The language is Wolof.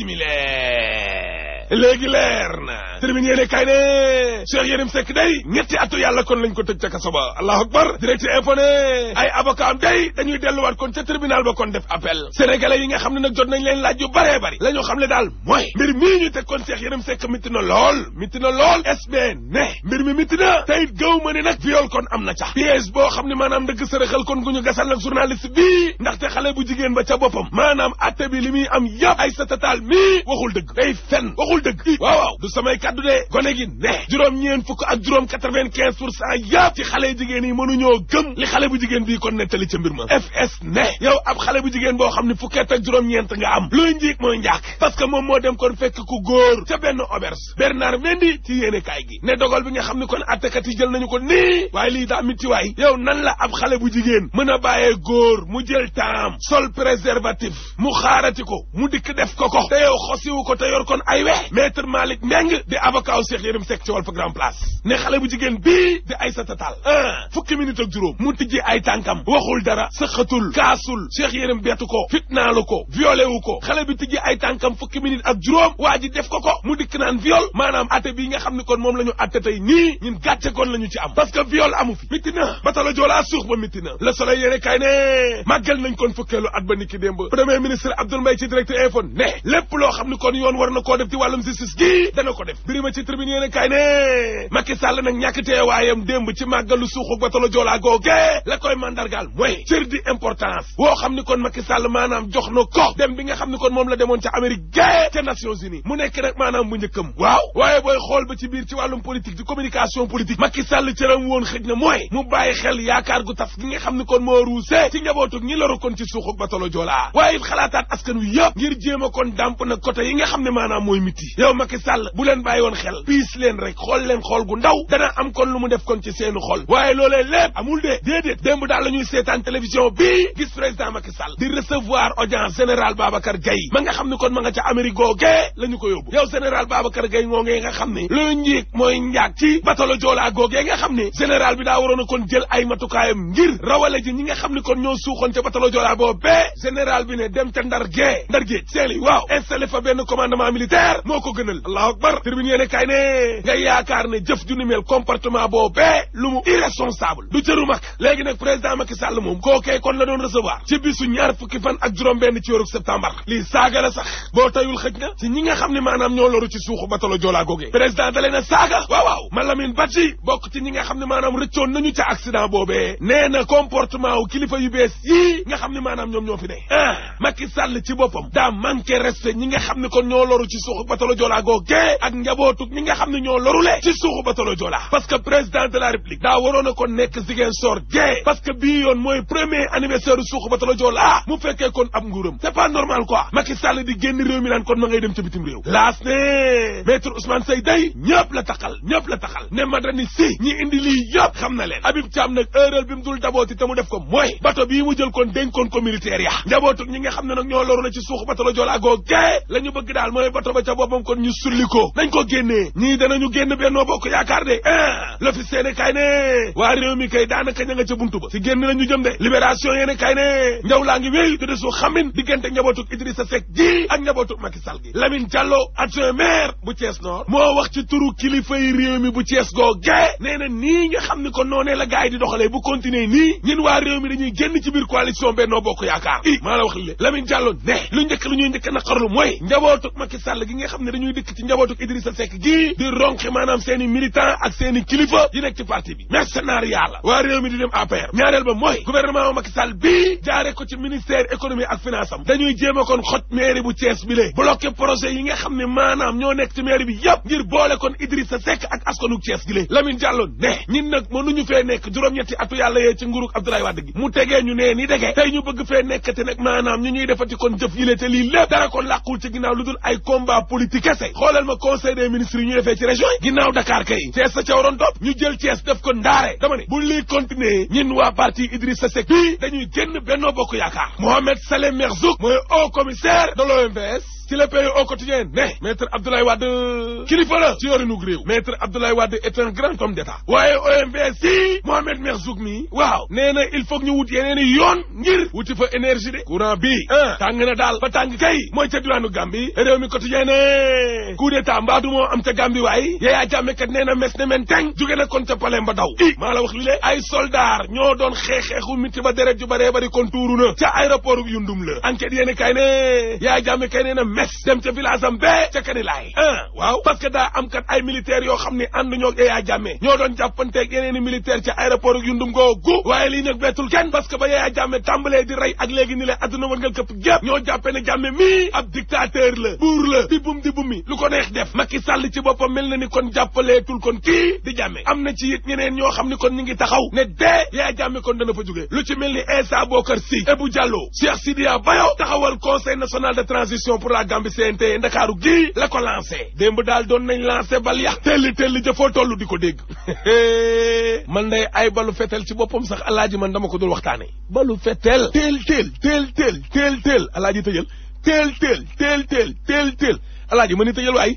simile léegi leer na termine yéene kay ne Cheikh Yérim day ñetti atu yàlla kon lañ ko tëj ca kaso ba allahu akbar direct info ne ay avocat am day dañuy delluwaat kon ca tribunal ba kon def appel sénégalais yi nga xam ne nag jot nañ leen laaj yu bëree bëri la ñu xam ne daal mooy mbir mii ñu teg kon Cheikh Yérim Seck mitti na lool mitti na lool SBN ne mbir mi mitti na teyit gëw ma ne nag viol kon am na ca pièce boo xam ne maanaam dëgg sërëxal kon gu ñu gasal nag journaliste bii ndaxte xale bu jigéen ba ca boppam maanaam atte bi li muy am yëpp ay sa tatal mii waxul dëgg day fen waxul dëgg waaw waaw du samay kaddu de gone gi ne juróom-ñeen fukk ak juróom quatre-vingt-quinze pour cent yëpp ci xale jigéen yi mënuñoo gëm li xale bu jigéen bii kon nettali ci mbir ma fs ne yow ab xale bu jigéen boo xam ne fukkeet ak juróom-ñeent nga am luy njiig mooy njaak parce que moom moo dem kon fekk ku góor ca benn auberge Bernard Mendy ci yéene kaay gi ne dogal bi nga xam ne kon attekat yi jël nañu ko nii waaye lii daa miti waay yow nan la ab xale bu jigéen mën a bàyyee góor mu jël taam sol préservatif mu xaarati ko mu dikk def ko ko ko te kon ay maître Malick Ndeng di avocat wu Cheikh Yérim Seck ci Walf Grand Place ne xale bu jigéen bii di Aïssata Tall fukki minute ak juróom mu tijji ay tànkam waxul dara sëqatul kaasul Cheikh Yérim bettu ko fitnaalu ko violé ko xale bi tijji ay tànkam fukki minute ak juróom waa def ko ko mu dikk naan viol maanaam atte bii nga xam ne kon moom la ñu atte tey nii ñun gàcce kon la ci am parce que viol amu fi mitti na ba joolaa suux ba mitti na le loo xam ne kon war na koo def ci wàllu wàllum justice gi dana ko def birima ci tribune yéen a kaay ne Macky Sall nag ñàkk teewaayam démb ci màggalu suuxu batalo joolaa googe la koy mandargaal mooy cër di importance woo xam ni kon Macky Sall maanaam jox na ko dem bi nga xam ni kon moom la demoon ca Amérique gae ca Nations Unies mu nekk nag maanaam bu njëkkam waaw waaye booy xool ba ci biir ci wàllum politique di communication politique Macky Sall cëram woon xëj na mooy mu bàyyi xel yaakaar gu tas gi nga xam ni kon moo ruusee ci njabootug ñi loru kon ci suuxu batalo joolaa waaye it xalaataat askan wi yëpp a kon dàmp nag côté yi nga xam ne maanaam mooy miti yi yow Macky Sall bu leen bàyyi woon xel piis leen rek xool leen xool gu ndaw dana am kon lu mu def kon ci seenu xool waaye loolee lépp amul de déedéet démb daal la ñuy seetaan télévision bii gis président Macky Sall di recevoir audience général Babacar Gaye ma nga xam ne kon ma nga ca Amérique googee la ñu ko yóbbu yow général Babacar Gaye moo ngee nga xam ne luy njiig mooy njaag ci batalo Joola googee nga xam ne général bi daa waroon a kon jël ay matukaayam ngir rawale ji ñi nga xam ne kon ñoo suuxoon ca batalo Joola boobee général bi ne dem ca ndar ndar géej seeli waaw fa benn commandement militaire moo ko gënal allahu akbar tribune yéene kay ne nga yaakaar ne jëf ju mel comportement boobee lu mu irresponsable du cëru mag léegi nag président Macky Sall moom kookee kon la doon recevoir ci bisu ñaar fukki fan ak juróom benn ci weeru septembre lii saaga sax boo tayul xëj ci ñi nga xam ne maanaam ñoo loru ci suuxu batalo joolaa googee président da a saaga waaw waaw Malamine Badji bokk ci ñi nga xam ne maanaam rëccoon nañu ca accident boobee na comportement wu kilifa yu bees yii xam ne maanaam ñoom ñoo fi ne ah, boppam daa ñi nga xam ne kon ñoo batalo Joola googee ak njabootug ñi nga xam ne ñoo lorule ci suuxu batalo Joola parce que président de la république daa waroon a kon nekk Ziguinchor gee parce que bii yoon mooy premier anniversaire suuxu batalo Joola mu fekkee kon ab nguuram c'est pas normal quoi Macky Sall di génn réew mi naan kon ma ngay dem ci bitim réew laas ne maître Ousmane Seye day ñëpp la taxal ñëpp la taxal ne Madani si ñi indi lii yëpp xam na leen Habib Thiam nag erreur bi mu dul dabooti te boppam kon ñu sulli ko nañ ko génnee ñii danañu génn bennoo bokk yaakaar de l'office ne kay ne waa réew mi kay daanaka ña ca buntu ba si génn nañu jëm de libération yéene kay ne njaw laa ngi wéy te de su xamin diggante njabootuk Idrissa Seck ji ak njabootuk Macky Sall gi Lamine Diallo adjoint maire bu Thiès Nord moo wax ci turu kilifa yi réew mi bu Thiès googee nee na nii nga xam ni ko noonee la gaay di doxalee bu continuer nii ñun waa réew mi dañuy ci biir coalition bennoo bokk la wax li Lamine Diallo ne lu njëkk lu ñuy njëkk naqarlu mooy njabootuk gi nga xam xam ne dañuy dëkk ci njabootu Idrissa Seck gii di ronqi maanaam seen i militant ak seen i kilifa yi nekk ci parti bi mercenariat la waa réew mi di dem APR ñaareel ba mooy gouvernement Macky Sall bii jaare ko ci ministère économie ak finance am dañuy jéem kon xoj mairie bu Thiès bi lée projet yi nga xam ne maanaam ñoo nekk ci mairie bi yëpp ngir boole kon Idrissa Seck ak askanu Thiès gi lée Lamine ne ñin nag mënuñu fee nekk juróom-ñetti atu yàlla yee nit kese xoolal ma conseil des ministres yi ñu defee ci région yi ginnaaw Dakar kay Thiès sa ca waroon ñu jël Thiès def ko ndaare dama ne bu lii continuer ñin waa parti Idrissa Seck bii dañuy génn Benno Bokk Yaakaar Mohamed Saleh Merzouk mooy haut commissaire de l'OMVS ci le pays e au quotidien ne maître Abdoulaye Wade kilifa la ci yorinug réew maître Abdoulaye Wade est un grand homme d'état waaye OMVS si Mohamed Merzoug mi waaw nee na il faut ñu wut yeneeni yoon ngir wuti fa énergie de courant bi ah tàng na daal ba tàng kay mooy ca diwaanu Gambie réew mi quotidien ne coup d'état mbaadu moo am ca Gambie waaye Yaya Jammeh kat nee na mes ne men teng kon ca palais ba daw i maa la wax li le ay soldaar ñoo doon xeexeexu miti ba deret ju baree bari kontuuru na ca aéroport Yundum la enquête yéen kay ne Yaya Jammeh kay nee mes dem ca village am bee ca Kadilaay ah waaw parce que daa am kat ay militaires yoo xam ne ànd ñoo Yaya Jammeh ñoo doon jàppanteeg yeneen i militaire ca aéroport yu waaye lii nag bettul kenn parce que ba Yaya Jammeh tàmbalee di rey ak léegi ni la adduna wërngal këpp gépp ñoo jàppee ne mii ab dictateur la buur la di bum di bumi lu ko neex def Macky Sall ci boppam mel na ni kon jàppaleetul kon kii di Jammeh am na ci it ñeneen ñoo xam ne kon ñu ni Gambie CNT Ndakaaru gii la ko lancé démb daal doon nañ lancé bal ya telli telli jëfoo tollu di ko dégg man day ay balu fetel si boppam sax alaaji man dama ko dul waxtaane balu fetel teel teel teel teel teel teel alaaji tëjël teel teel teel teel teel teel alaaji ma tëjël waay